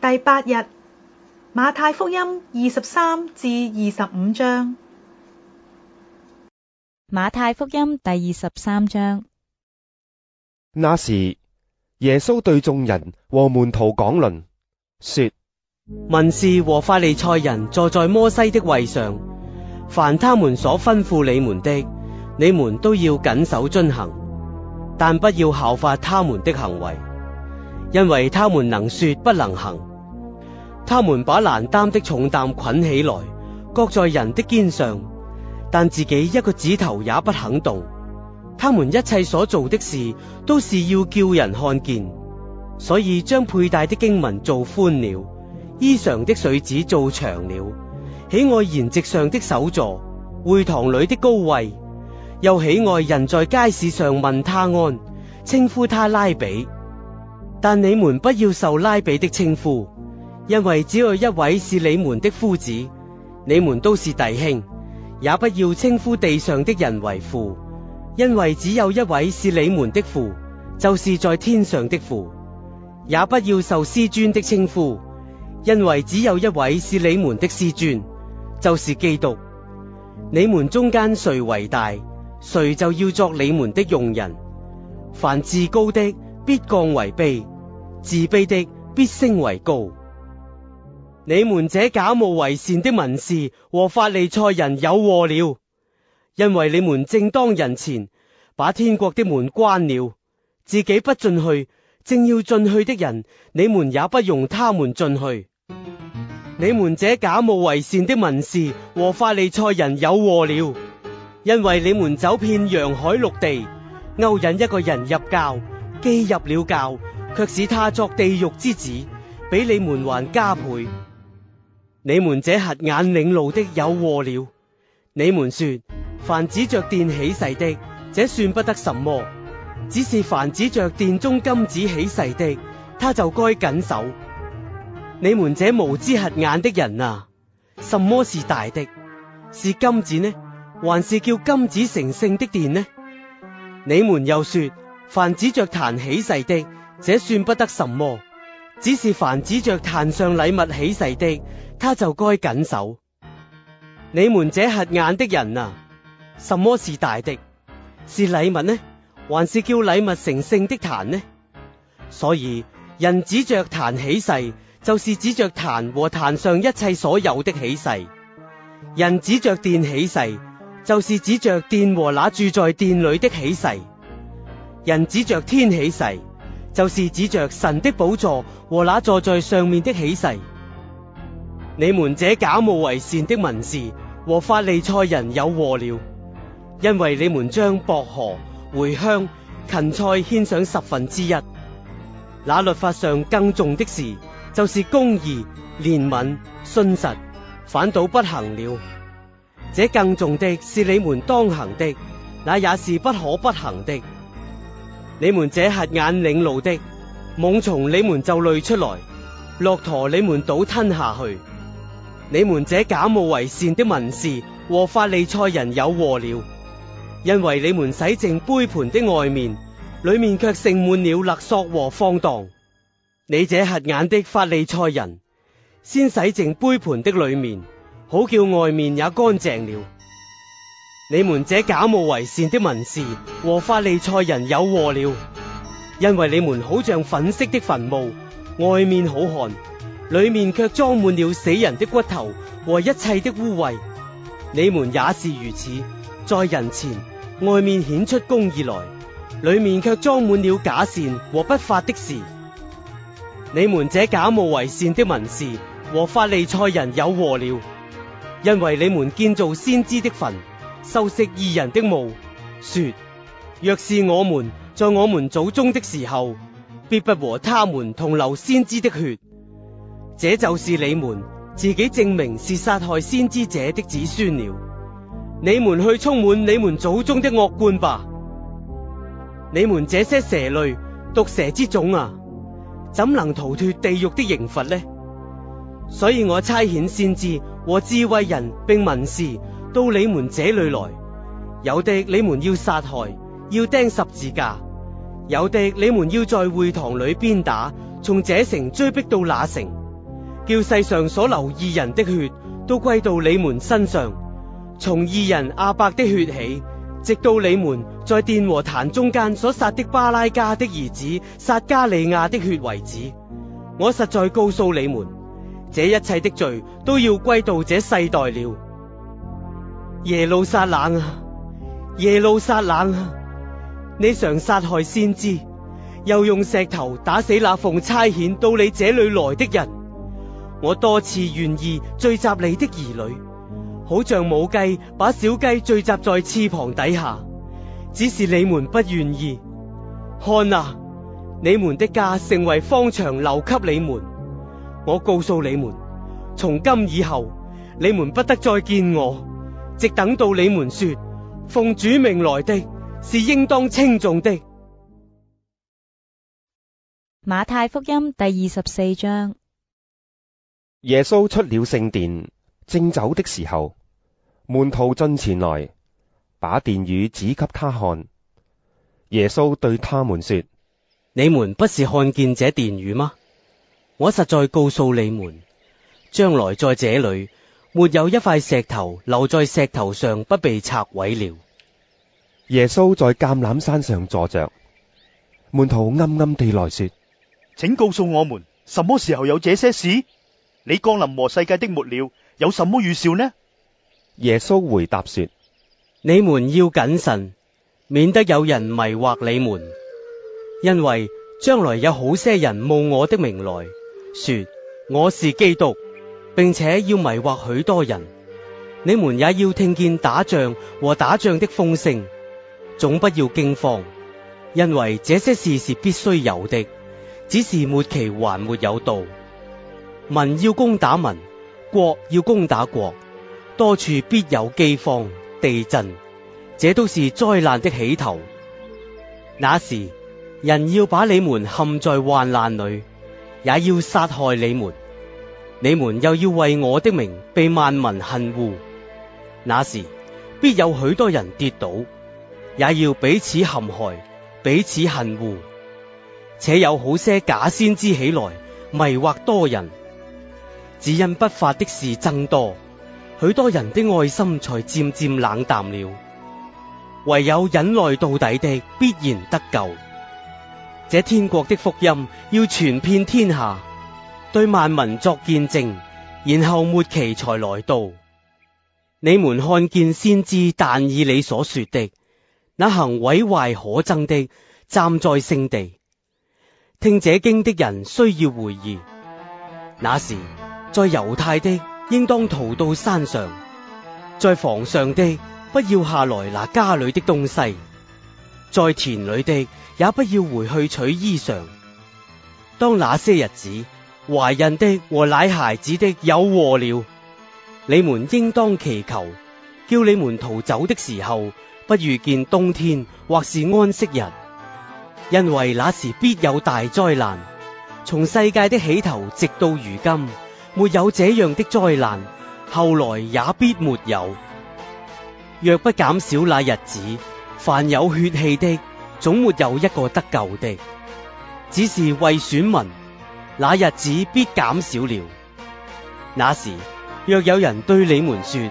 第八日，馬太福音二十三至二十五章。馬太福音第二十三章。那時，耶穌對眾人和門徒講論，說：文士和法利賽人坐在摩西的位上，凡他們所吩咐你們的，你們都要謹守遵行，但不要效法他們的行為，因為他們能說不能行。他們把難擔的重擔捆起來，擱在人的肩上，但自己一個指頭也不肯動。他們一切所做的事，都是要叫人看見。所以將佩戴的經文做寬了，衣裳的穗子做長了。喜愛筵席上的首座，會堂裏的高位，又喜愛人在街市上問他安，稱呼他拉比。但你們不要受拉比的稱呼。因為只有一位是你們的夫子，你們都是弟兄，也不要稱呼地上的人為父，因為只有一位是你們的父，就是在天上的父。也不要受師尊的稱呼，因為只有一位是你們的師尊，就是基督。你們中間誰為大，誰就要作你們的用人。凡自高的必降為卑，自卑的必升為高。你們這假冒為善的文士和法利賽人有禍了，因為你們正當人前把天國的門關了，自己不進去，正要進去的人你們也不容他們進去。你們這假冒為善的文士和法利賽人有禍了，因為你們走遍洋海陸地勾引一個人入教，既入了教，却使他作地獄之子，比你們還加倍。你們這瞎眼領路的有禍了！你們說凡指著殿起誓的，這算不得什麼；只是凡指著殿中金子起誓的，他就該謹守。你們這無知瞎眼的人啊，什麼是大的？是金子呢，還是叫金子成聖的殿呢？你們又說凡指著壇起誓的，這算不得什麼。只是凡指着壇上禮物起誓的，他就該謹守。你們這瞎眼的人啊，什麼是大的？是禮物呢，還是叫禮物成聖的壇呢？所以人指着壇起誓，就是指着壇和壇上一切所有的起誓；人指着殿起誓，就是指着殿和那住在殿裏的起誓；人指着天起誓，就是指着神的寶座和那坐在上面的起誓，你們這假冒為善的文士和法利賽人有禍了，因為你們將薄荷、茴香、芹菜獻上十分之一。那律法上更重的事，就是公義、憐憫、信實，反倒不行了。這更重的是你們當行的，那也是不可不行的。你們這瞎眼領路的，猛蟲你們就累出來，駱駝你們倒吞下去。你們這假冒為善的文士和法利賽人有禍了，因為你們洗淨杯盤的外面，裏面卻盛滿了勒索和放蕩。你這瞎眼的法利賽人，先洗淨杯盤的裏面，好叫外面也乾淨了。你們這假冒為善的文士和法利賽人有禍了，因為你們好像粉飾的墳墓，外面好看，裏面却裝滿了死人的骨頭和一切的污穢。你們也是如此，在人前外面顯出公義來，裏面却裝滿了假善和不法的事。你們這假冒為善的文士和法利賽人有禍了，因為你們建造先知的墳。修飾義人的墓說：若是我們在我們祖宗的時候，必不和他們同流先知的血。這就是你們自己證明是殺害先知者的子孫了。你們去充滿你們祖宗的惡貫吧！你們這些蛇類毒蛇之種啊，怎能逃脫地獄的刑罰呢？所以我差遣先知和智慧人並文士。到你們這裏來，有的你們要殺害，要釘十字架；有的你們要在會堂裏鞭打，從這城追逼到那城，叫世上所流義人的血都歸到你們身上。從義人亞伯的血起，直到你們在殿和壇中間所殺的巴拉加的兒子撒加利亞的血為止。我實在告訴你們，這一切的罪都要歸到這世代了。耶路撒冷啊！耶路撒冷啊！你常殺害先知，又用石頭打死那奉差遣到你這裏來的人。我多次願意聚集你的兒女，好像母雞把小雞聚集在翅膀底下，只是你們不願意。看啊！你們的家成為荒場，留給你們。我告訴你們，從今以後，你們不得再見我。直等到你們說奉主名來的是應當稱頌的。馬太福音第二十四章。耶穌出了聖殿，正走的時候，門徒進前來，把殿宇指給他看。耶穌對他們說：你們不是看見這殿宇嗎？我實在告訴你們，將來在這裏。沒有一塊石頭，留在石頭上不被拆毀了。並且要迷惑許多人，你們也要聽見打仗和打仗的風聲，總不要驚慌，因為這些事是必須有的，只是末期還沒有到。民要攻打民，國要攻打國，多處必有饑荒、地震，這都是災難的起頭。那時，人要把你們陷在患難裏，也要殺害你們。你們又要為我的名被萬民恨惡，那時必有許多人跌倒，也要彼此陷害，彼此恨惡。且有好些假先知起來，迷惑多人。只因不法的事增多，許多人的愛心才漸漸冷淡了。唯有忍耐到底的，必然得救。這天國的福音要傳遍天下。對萬民作見證，然後末期才來到。你們看見先知，但以理所說的，那行毀壞可憎的站在聖地，聽這經的人需要回憶。那時，在猶太的應當逃到山上；在房上的不要下來拿家裏的東西；在田裏的也不要回去取衣裳。當那些日子，懷孕的和奶孩子的有禍了。你們應當祈求，叫你們逃走的時候，不遇見冬天或是安息日，因為那時必有大災難。從世界的起頭直到如今，沒有這樣的災難，後來也必沒有。若不減少那日子，凡有血氣的，總沒有一個得救的，只是為選民。那日子必減少了。那時若有人對你們說：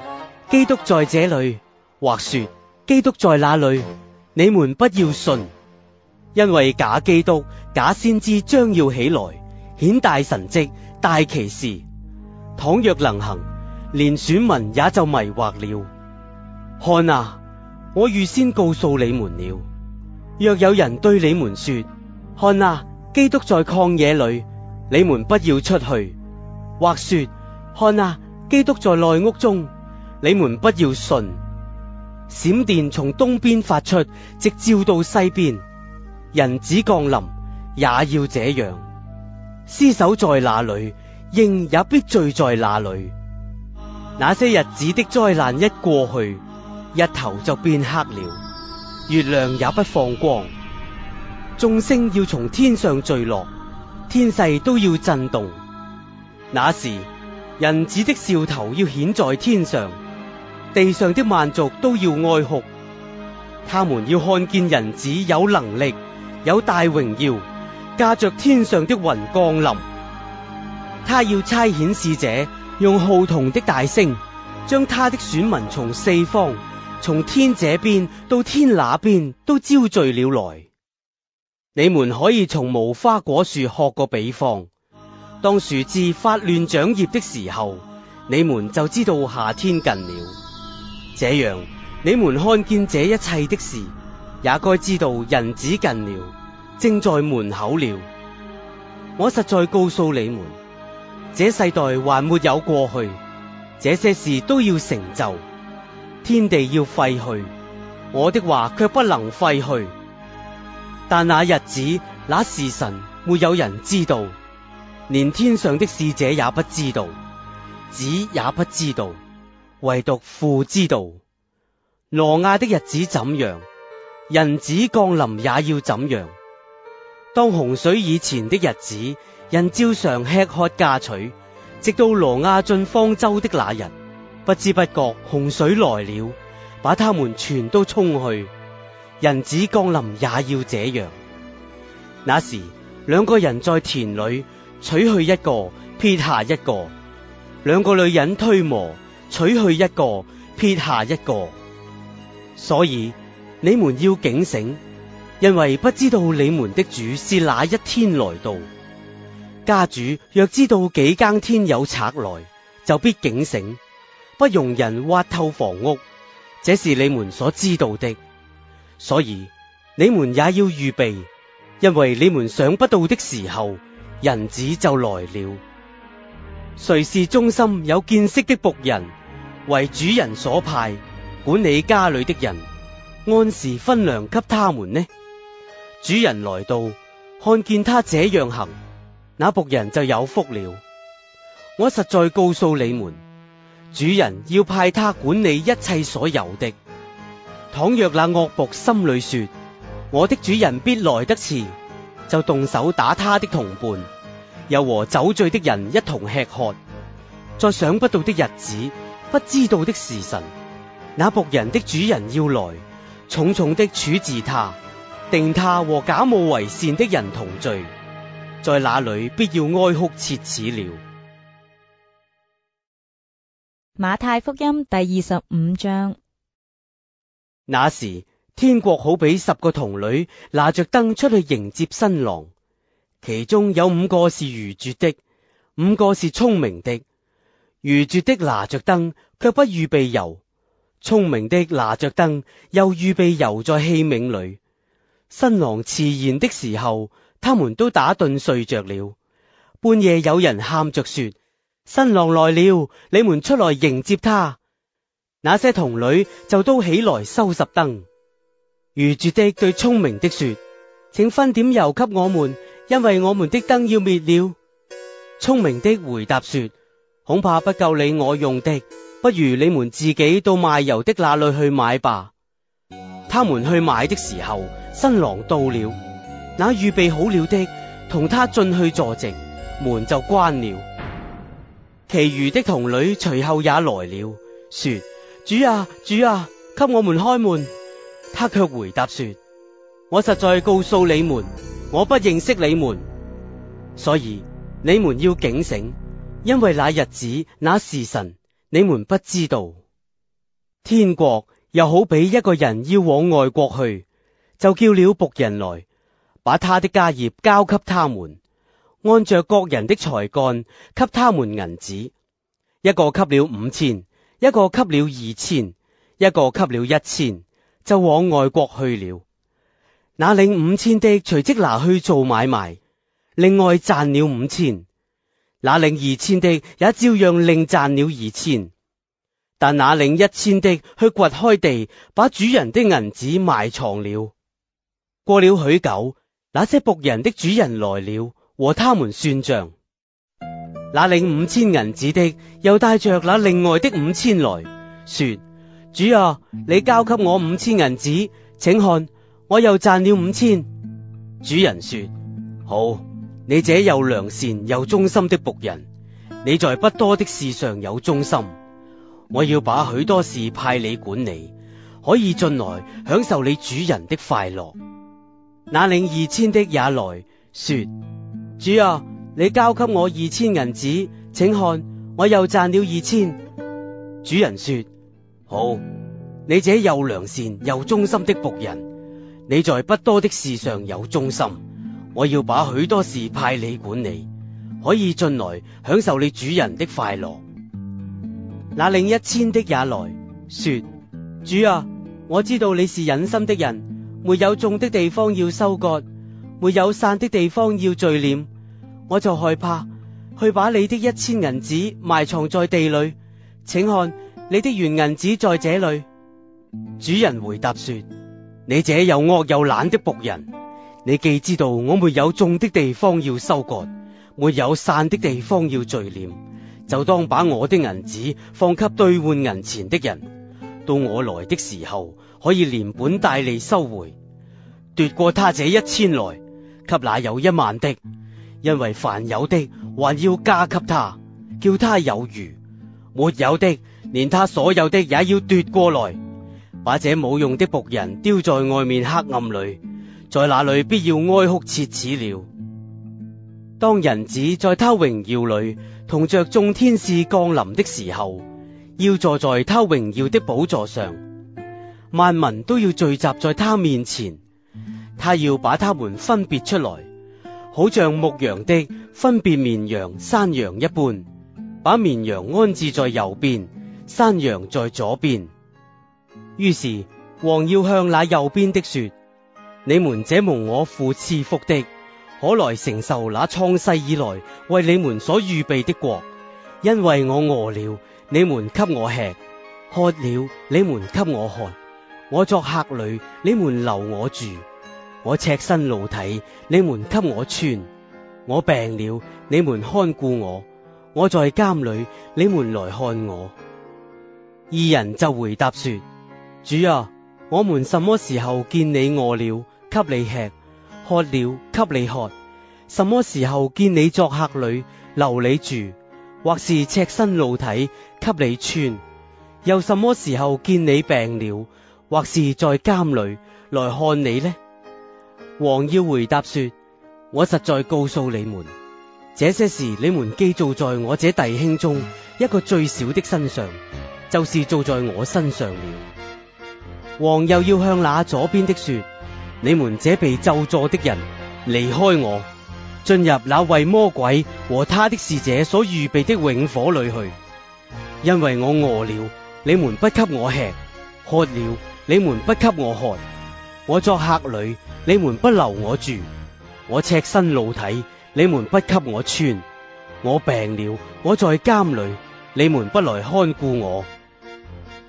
基督在這裏，或說基督在那裏，你們不要信，因為假基督、假先知將要起來，顯大神蹟、大奇事。倘若能行，連選民也就迷惑了。看啊，我預先告訴你們了。若有人對你們說：看啊，基督在曠野裏。你們不要出去，或說，看啊，基督在內屋中，你們不要信。閃電從東邊發出，直照到西邊。人子降臨也要這樣。屍首在哪裡，應也必墜在哪裡。那些日子的災難一過去，日頭就變黑了，月亮也不放光，眾星要從天上墜落。天勢都要震動，那時人子的兆頭要顯在天上，地上的萬族都要哀哭。他們要看見人子有能力，有大榮耀，駕着天上的雲降臨。他要差遣使者，用號筒的大聲，將他的選民從四方，從天這邊到天那邊，都招聚了來。你們可以從無花果樹學個比方，當樹枝發亂長葉的時候，你們就知道夏天近了。這樣，你們看見這一切的事，也該知道人子近了，正在門口了。我實在告訴你們，這世代還沒有過去，這些事都要成就。天地要廢去，我的話卻不能廢去。但那日子，那時辰，沒有人知道，連天上的使者也不知道，子也不知道，唯獨父知道。挪亞的日子怎樣，人子降臨也要怎樣。當洪水以前的日子，人照常吃喝嫁娶，直到挪亞進方舟的那日，不知不覺洪水來了，把他們全都沖去。人子降臨也要這樣。那時兩個人在田裏，取去一個，撇下一個；兩個女人推磨，取去一個，撇下一個。所以你們要警醒，因為不知道你們的主是哪一天來到。家主若知道幾更天有賊來，就必警醒，不容人挖透房屋。這是你們所知道的。所以你們也要預備，因為你們想不到的時候，人子就來了。誰是忠心有見識的僕人，為主人所派，管理家裏的人，按時分糧給他們呢？主人來到，看見他這樣行，那僕人就有福了。我實在告訴你們，主人要派他管理一切所有的。倘若那惡僕心裏說：我的主人必來得遲，就動手打他的同伴，又和酒醉的人一同吃喝。在想不到的日子、不知道的時辰，那僕人的主人要來，重重的處置他，定他和假冒為善的人同罪。在那裏必要哀哭切齒了。馬太福音第二十五章。那時天國好比十個童女拿着燈出去迎接新郎，其中有五個是愚拙的，五個是聰明的。愚拙的拿着燈卻不預備油，聰明的拿着燈又預備油在器皿裏。新郎遲延的時候，他們都打盹睡着了。半夜有人喊着說：新郎來了，你們出來迎接他。那些童女就都起來收拾燈，愚拙的對聰明的說：請分點油給我們，因為我們的燈要滅了。聰明的回答說：恐怕不夠你我用的，不如你們自己到賣油的那裏去買吧。他們去買的時候，新郎到了，那預備好了的同他進去坐席，門就關了。其餘的童女隨後也來了，說：主啊主啊，給我們開門。他却回答說：我實在告訴你們，我不認識你們，所以你們要警醒，因為那日子、那時辰你們不知道。天國又好比一個人要往外國去，就叫了僕人來，把他的家業交給他們，按着各人的才幹給他們銀子，一個給了五千。一個給了二千，一個給了一千，就往外國去了。那領五千的隨即拿去做買賣，另外賺了五千。那領二千的也照樣另賺了二千。但那領一千的去掘開地，把主人的銀子埋藏了。過了許久，那些僕人的主人來了，和他們算賬。那領五千銀紙的又帶着那另外的五千來，說：主啊，你交給我五千銀紙，請看我又賺了五千。主人說：好，你這又良善又忠心的僕人，你在不多的事上有忠心，我要把許多事派你管理，可以進來享受你主人的快樂。那領二千的也來說：主啊。你交給我二千銀子，請看，我又賺了二千。主人說：好，你這又良善又忠心的僕人，你在不多的事上有忠心，我要把許多事派你管理，可以進來享受你主人的快樂。那領一千的也來說：主啊，我知道你是忍心的人，沒有種的地方要收割，沒有散的地方要聚斂。我就害怕，去把你的一千銀子埋藏在地裏，請看，你的原銀子在這裏。 主人回答說：你這又惡又懶的僕人，你既知道我沒有種的地方要收割，沒有散的地方要聚斂，就當把我的銀子放給兌換銀錢的人，到我來的時候可以連本帶利收回。奪過他這一千來，給那有一萬的。因為凡有的還要加給他，叫他有餘；沒有的，連他所有的也要奪過來。把這無用的僕人丟在外面黑暗裏，在那裏必要哀哭切齒了。當人子在他榮耀裏同着眾天使降臨的時候，要坐在他榮耀的寶座上。萬民都要聚集在他面前，他要把他們分別出來。好像牧羊的分別綿羊、山羊一般，把綿羊安置在右邊，山羊在左邊。於是王要向那右邊的說：你們這蒙我父賜福的，可來承受那創世以來為你們所預備的國，因為我餓了，你們給我吃；渴了，你們給我喝；我作客旅，你們留我住。我赤身露體，你們給我穿；我病了，你們看顧我；我在監裏，你們來看我。義人就回答說：主啊，我們什麼時候見你餓了，給你吃；渴了，給你喝；什麼時候見你作客旅，留你住；或是赤身露體，給你穿；又什麼時候見你病了，或是在監裏來看你呢？王要回答說：我實在告訴你們，這些事你們既做在我這弟兄中一個最小的身上，就是做在我身上了。王又要向那左邊的說：你們這被咒詛的人，離開我，進入那為魔鬼和他的使者所預備的永火裏去，因為我餓了，你們不給我吃；渴了，你們不給我喝。我作客旅，你們不留我住；我赤身露體，你們不給我穿；我病了，我在監裏，你們不來看顧我。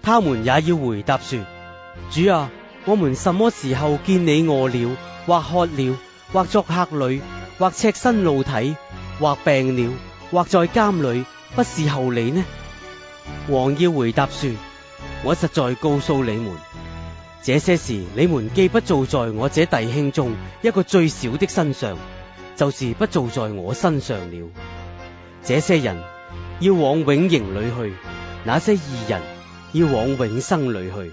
他們也要回答說：主啊，我們什麼時候見你餓了或渴了或作客旅或赤身露體或病了或在監裏不伺候你呢？王要回答說：我實在告訴你們。這些事，你們既不做在我這弟兄中一個最小的身上，就是不做在我身上了。這些人要往永刑裏去，那些義人要往永生裏去。